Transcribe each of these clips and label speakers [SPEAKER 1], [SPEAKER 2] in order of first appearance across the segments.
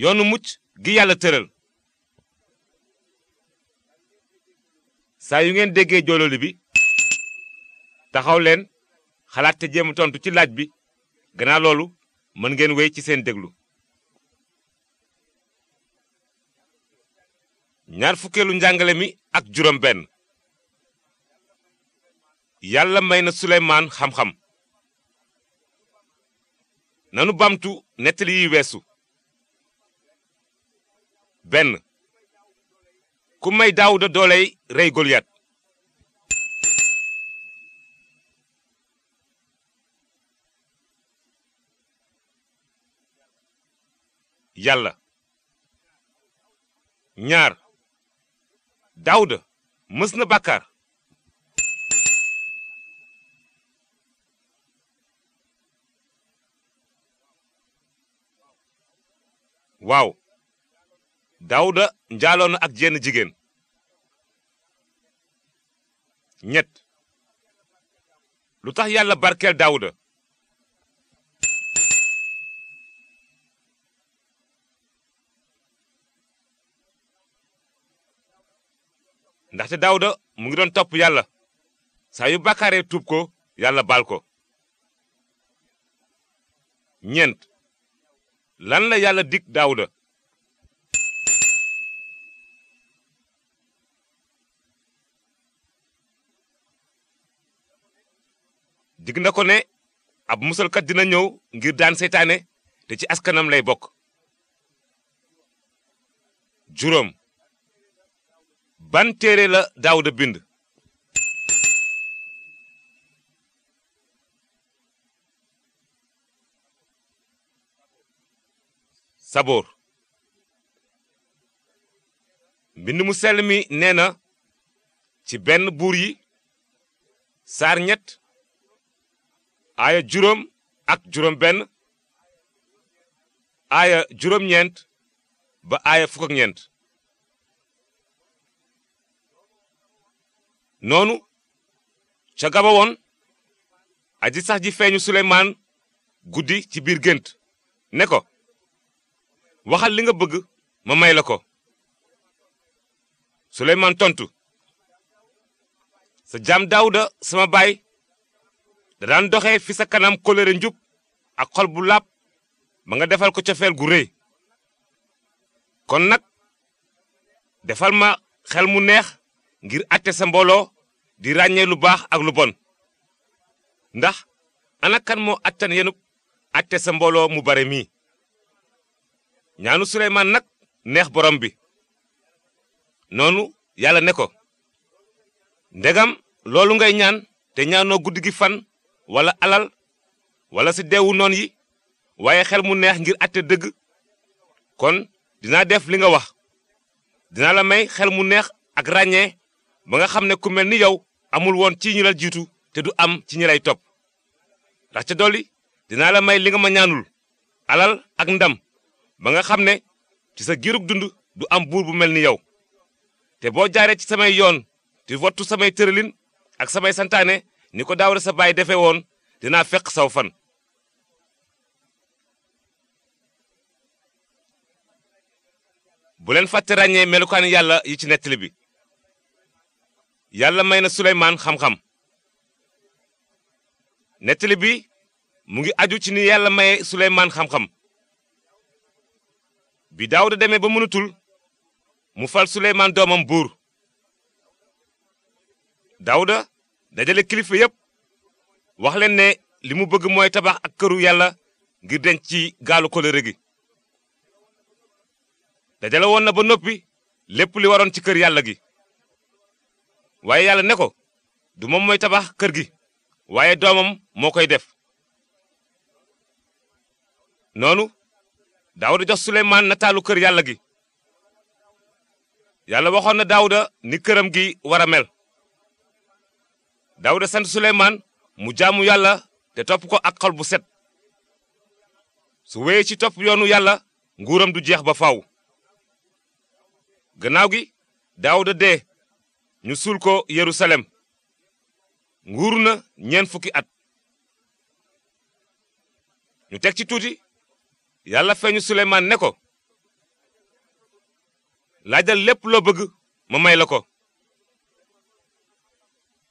[SPEAKER 1] yoonu mucc gi yàlla tëral saa yu ngeen déggee joololi bi taxaw leen xalaat te jéem tontu ci laaj bi gannaaw loolu mën ngeen wéy ci seen déglu ñaar fukkeelu njàngale mi ak juróom benn yàlla may na suleymaan xamxam nanu bamtu nettali yi weesu benn ku may daawuda dooley rey goliyat yàlla ñaar daawuda mës na bàkkaar waaw Daawuda njaaloo na ak jenn jigéen ñett lu tax yàlla barkeel Daawuda ndaxte Daawuda mu ngi doon topp yàlla saa bàkkaaree tuub ko yàlla baal ko ñeent lan la yàlla dikk Daawuda dig na ko ne ab musalkat dina ñëw ngir daan seytaane te ci askanam lay bokk juróom ban téere la Daawuda bind saboor mbind mu sell mi nee na ci benn buur yi saar ñett aaya juróom ak juróom benn aaya juróom ñeent ba aaya fukk ak ñeent noonu ca gaba woon aji sax ji feeñu suleymaan guddi ci biir gént ne ko waxal li nga bëgg ma may la ko suleymaan tontu sa jaam daawuda sama baay da daan doxee fi sa kanam kóllëre njub ak xol bu làpp ba nga defal ko cofeel gu rëy kon nag defal ma xel mu neex ngir àtte sa mbooloo di ràññee lu baax ak lu bon ndax ana kan moo àttan yenub àtte sa mbooloo mu bare mii ñaanu suleymaan nag neex borom bi noonu yàlla ne ko ndegam loolu ngay ñaan te ñaanoo guddi gi fan wala alal wala si deewu noon yi waaye xel mu neex ngir àtte dëgg kon dinaa def li nga wax dinaa la may xel mu neex ak ràññee ba nga xam ne ku mel ni yow amul woon ci ñi la jiitu te du am ci ñi lay topp rax ca dolli dinaa la may li nga mañaanul alal ak ndam ba nga xam ne ci sa giirug dund du am buur bu mel ni yow te boo jaaree ci samay yoon te wattu samay tëralin ak samay santaane ni ko daawuda sa baay defe woon dinaa feq saw fan bu leen fàtte ràññee melukaan yàlla yi ci nettali bi yàlla may na suleymaan xam-xam nettali bi mu ngi aju ci ni yàlla maye suleymaan xam-xam bi daawuda demee ba mënutul mu fal suleymaan doomam buur daawuda dajale kilifa yépp waxleen ne li mu bëgg mooy tabax ak këru yàlla ngir denc ci gaalu kolere gi dajale woon na ba noppi lépp li waroon ci kër yàlla gi waaye yàlla ne ko du moom mooy tabax kër gi waaye doomam moo koy def noonu daawuda jox suleymaan nataalu kër yàlla gi yàlla waxoon na daawuda ni këram gi war a mel daawuda sant suleymaan mu jaamu yàlla te topp ko ak xol bu set su wéyee ci topp yoonu yàlla nguuram du jeex ba faw gannaaw gi daawuda dee ñu suul ko yerusalem nguur na ñeent fukki at ñu teg ci tuuti yàlla feeñu suleymaan né ko laajal lépp loo bëgg ma may la ko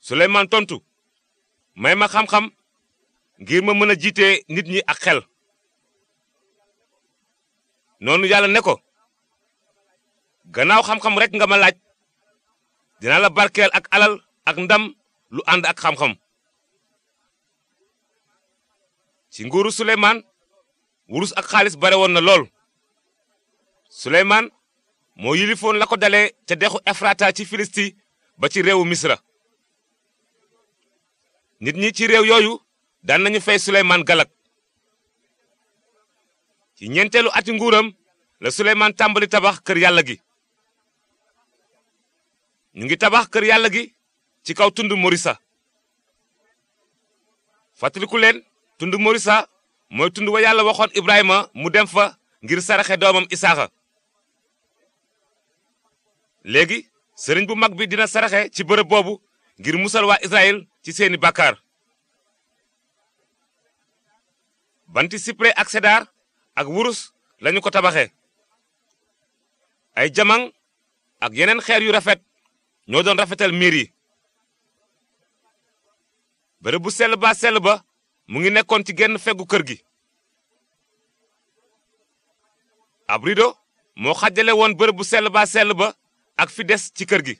[SPEAKER 1] suleymaan tontu may ma xamxam ngir ma mën a jiite nit ñi ak xel noonu yàlla ne ko gannaaw xamxam xam rek nga ma laaj dinaa la barkeel ak alal ak ndam lu ànd ak xamxam ci nguuru suleymaan wurus ak xaalis bare woon na lool suleymaan moo yilifoon la ko dalee ca dexu efrata ci filisti ba ci réewu misra nit ñi ci réew yooyu daan nañu fay suleymaan galak ci ñeenteelu ati nguuram la suleymaan tàmbali tabax kër yàlla gi ñu ngi tabax kër yàlla gi ci kaw tund morisa fàttaliku leen tund morisa mooy tund wa yàlla waxoon ibrahima mu dem fa ngir saraxe doomam isaaxa léegi sëriñ bu mag bi dina saraxe ci bërëb boobu ngir musal waa israel ci seeni bàkkaar banti cyprès ak sedar ak wurus lañu ko tabaxe ay jamaŋ ak yeneen xeer yu rafet ñoo doon rafetal miir yi bërëb bu sell ba sell ba mu ngi nekkoon ci genn feggu kër gi ab rido moo xajale woon bërëb bu sell ba sell ba ak fi des ci kër gi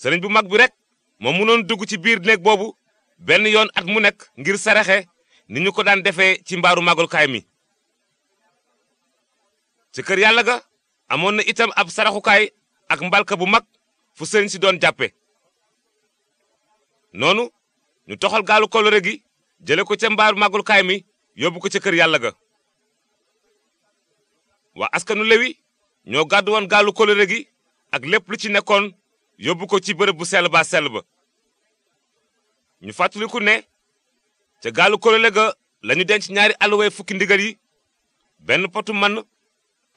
[SPEAKER 1] sëriñ bu mag bi rek ma mënoon dugg ci biir néeg boobu benn yoon at mu nekk ngir saraxe ni ñu ko daan defee ci mbaaru màggalukaay mi ci kër yàlla ga amoon na itam ab saraxukaay ak mbalka bu mag fu sëriñ si doon jàppe noonu ñu toxal gaalu kolore gi jële ko ca mbaaru màggalukaay mi yóbbu ko ca kër yàlla ga waa askanu lewi ñoo gàddu woon gaalu kolore gi ak lépp lu ci nekkoon yóbbu ko ci bërëb bu sell ba sell ba ñu fàttaliku ne ca gaalu kolole ga lañu denc ñaari alluwaay fukki ndigal yi benn potu man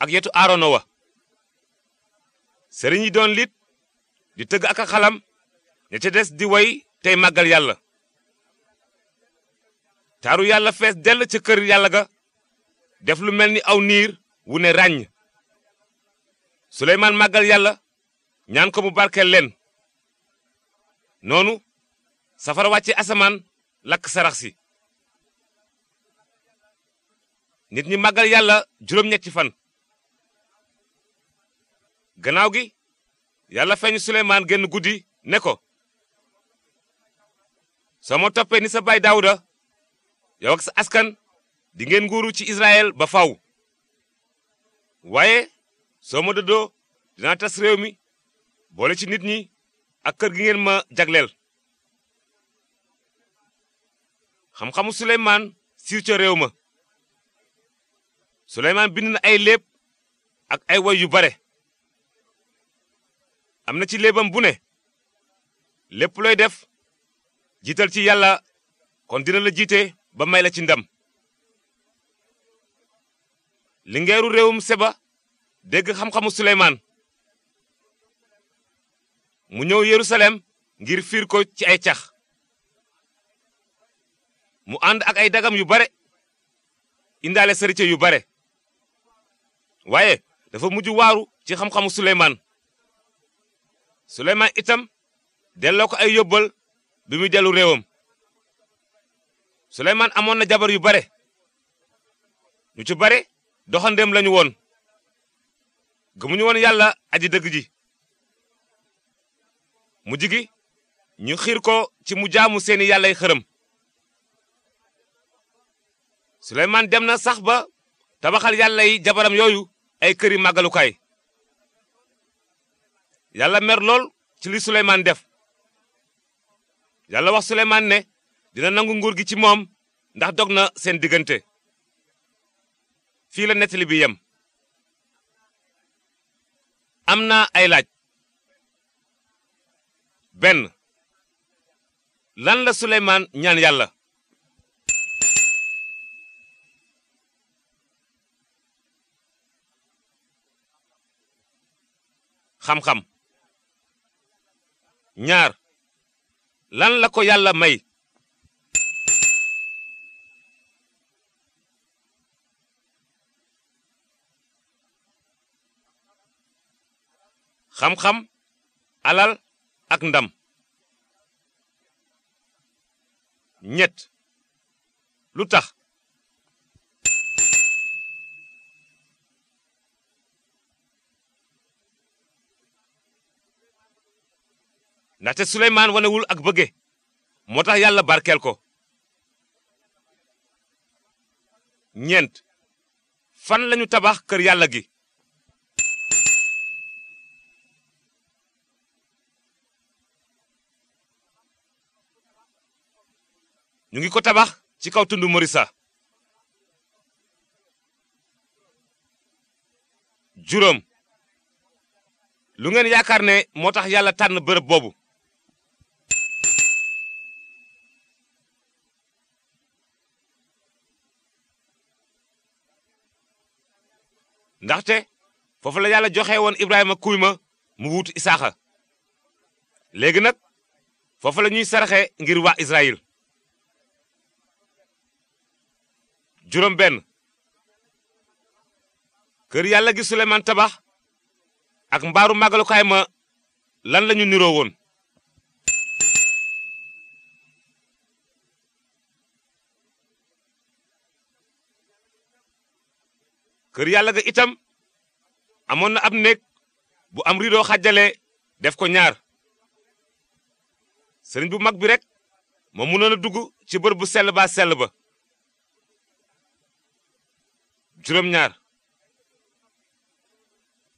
[SPEAKER 1] ak yetu aarono wa sëriñ yi doon lit di tëgg ak xalam ña ca des di way tey màggal yàlla taaru yàlla fees dell ca kër yàlla ga def lu mel ni aw niir wu ne ràññ suleymaan màggal yàlla ñaan ko mu barkeel leen noonu safara wàcce asamaan lakk sarax si nit ñi màggal yàlla juróom-ñetti fan gannaaw gi yàlla feeñu suleymaan génn guddi ne ko soo ma toppee ni sa baay daawuda yow ak sa askan di ngeen nguuru ci israel ba faw waaye soo ma dëddoo dinaa tas réew mi boole ci nit ñi ak kër gi ngeen ma jagleel xamxamu xamu suleymaan siiw ca réew ma suleymaan bind na ay léeb ak ay woy yu bare am na ci léebam bu ne lépp looy def jiital ci yàlla kon dina la jiite ba may la ci ndam lingeeru réewum seba dégg xamxamu xamu suleymaan mu ñëw Yerusalem ngir fiir ko ci ay cax mu ànd ak ay dagam yu bare indaale sarice yu bare waaye dafa mujj waaru ci xam-xamu Suleymaan Suleymaan itam delloo ko ay yóbbal bi muy dellu réewam Suleymaan amoon na jabar yu bare ñu ci bare doxandeem lañu woon gëmuñu woon yàlla aj dëgg ji mu gi ñu xiir ko ci mu jaamu seeni yàllay xërëm suleymaan dem na sax ba tabaxal yàlla yi jabaram yooyu ay këri màggalukaay yàlla mer lool ci li suleymaan def yàlla wax suleymaan ne dina nangu nguur gi ci moom ndax dog na seen diggante fii la nettali bi yem am na ay laaj benn lan la Suleymaan ñaan yàlla xam-xam ñaar lan la ko yàlla may xam-xam alal ak ndam ñett lu tax ndaxte Suleymaan wanewul ak bëgge moo tax yàlla barkeel ko ñent fan lañu tabax kër yàlla gi ñu ngi ko tabax ci kaw tund morisa juróom lu ngeen yaakaar ne moo tax yàlla tànn bërëb boobu ndaxte foofu la yàlla joxe woon Ibrahima kuy mu wuut Isaaxa léegi nag foofu la ñuy saraxe ngir waa Israël juróom benn kër yàlla gi Suleymaan tabax ak mbaaru màggalukaay ma lan lañu niroo woon kër yàlla ga itam amoon na ab néeg bu am rideau xàjjale def ko ñaar sëriñ bu mag bi rek moo mënoon a dugg ci bër bu sell baa sell ba juróom-ñaar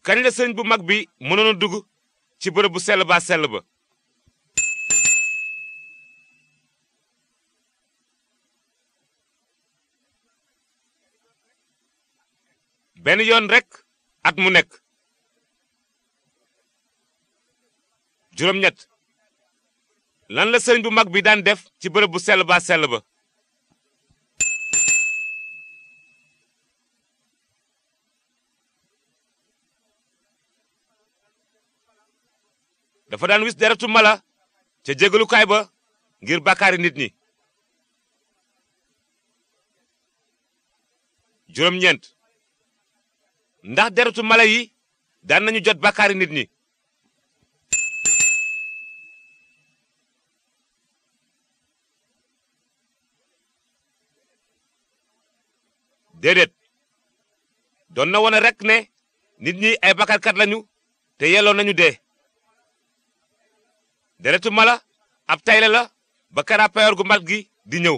[SPEAKER 1] kañ la sëriñ bu mag bi mënoon a ci bërëb bu sell baa sell ba benn yoon rekk at mu nekk juróom-ñett lan la sëriñ mag bi daan def ci bërëb bu sell baa ba dafa daan wis deretu mala ca jégalukaay ba ngir bàkkaari nit ñi juróom ndax deretu mala yi daan nañu jot bakaari nit ñi déedéet doon na wone rekk ne nit ñi ay bakkarkat lañu te yelloo nañu dee deretu mala ab tayle la ba karapayoor gu mat gi di ñëw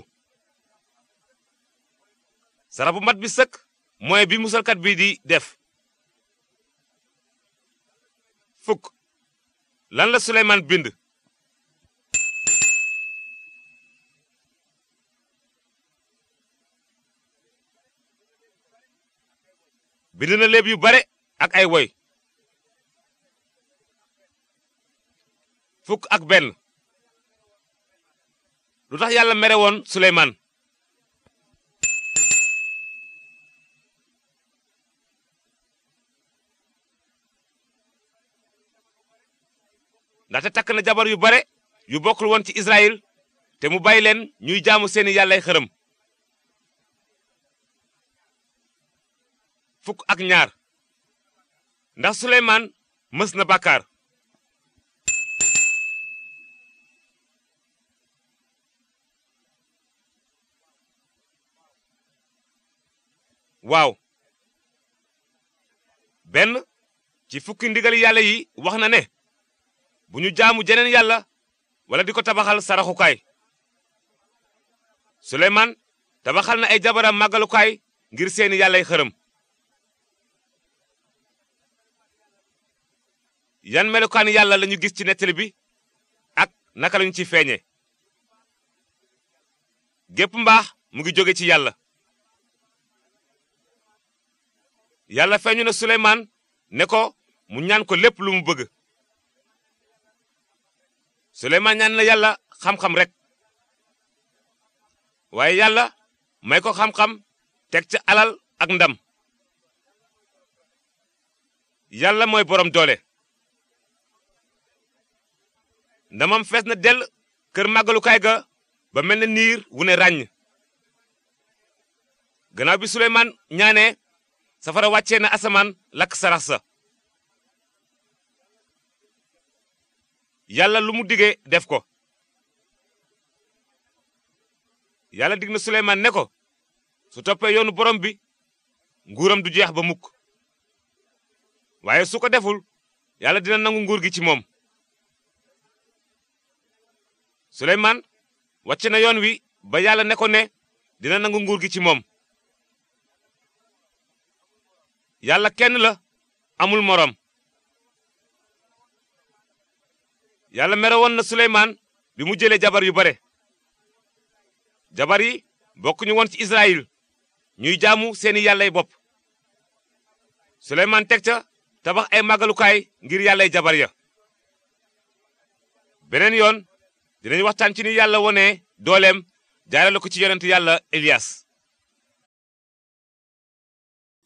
[SPEAKER 1] sarax bu mat bi sëkk mooy bi musalkat bi di def fukk lan la suleymaan bind bind na léeb yu bare ak ay woy fukk ak benn lu tax yàlla merewoon woon Suleymaan ndaxte takk na jabar yu bare yu bokkul woon ci Israël te mu bàyyi leen ñuy jaamu seeni yàlla yàllay xërëm fukk ak ñaar ndax Suleymaan mës na bàkkaar waaw benn ci fukki ndigal yàlla yi wax na ne bu ñu jaamu jeneen yàlla wala di ko tabaxal saraxukaay suleymaan tabaxal na ay jabaram màggalukaay ngir seeni yàlla yàllay xërëm yan melukaan yàlla lañu gis ci nettali bi ak naka lañu ci feeñe gépp mbaax mu ngi jóge ci yàlla yàlla feeñu na suleymaan ne ko mu ñaan ko lépp lu mu bëgg suleymaan ñaan na yàlla xam-xam rek waaye yàlla may ko xam-xam teg ca alal ak ndam yàlla mooy boroom doole ndamam fees na dell kër màggalukaay ga ba mel na niir wu ne ràññ gannaaw bi suleymaan ñaanee safara wàccee na asamaan lakk sarax sa yàlla lu mu diggee def ko yàlla digg na suleymaan ne ko su toppee yoonu borom bi nguuram du jeex ba mukk waaye su ko deful yàlla dina nangu nguur gi ci moom suleymaan wàcc na yoon wi ba yàlla ne ne dina nangu nguur gi ci moom yàlla kenn la amul moroom yàlla mere woon na suleymaan bi mu jëlee jabar yu bare jabar yi bokkuñu woon ci israyil ñuy jaamu seeni yàllay bopp suleymaan teg ca tabax ay magalukaay ngir yàllay jabar ya beneen yoon dinañ waxtaan ci ni yàlla wone dooleem jaarale ko ci yonent yàlla elias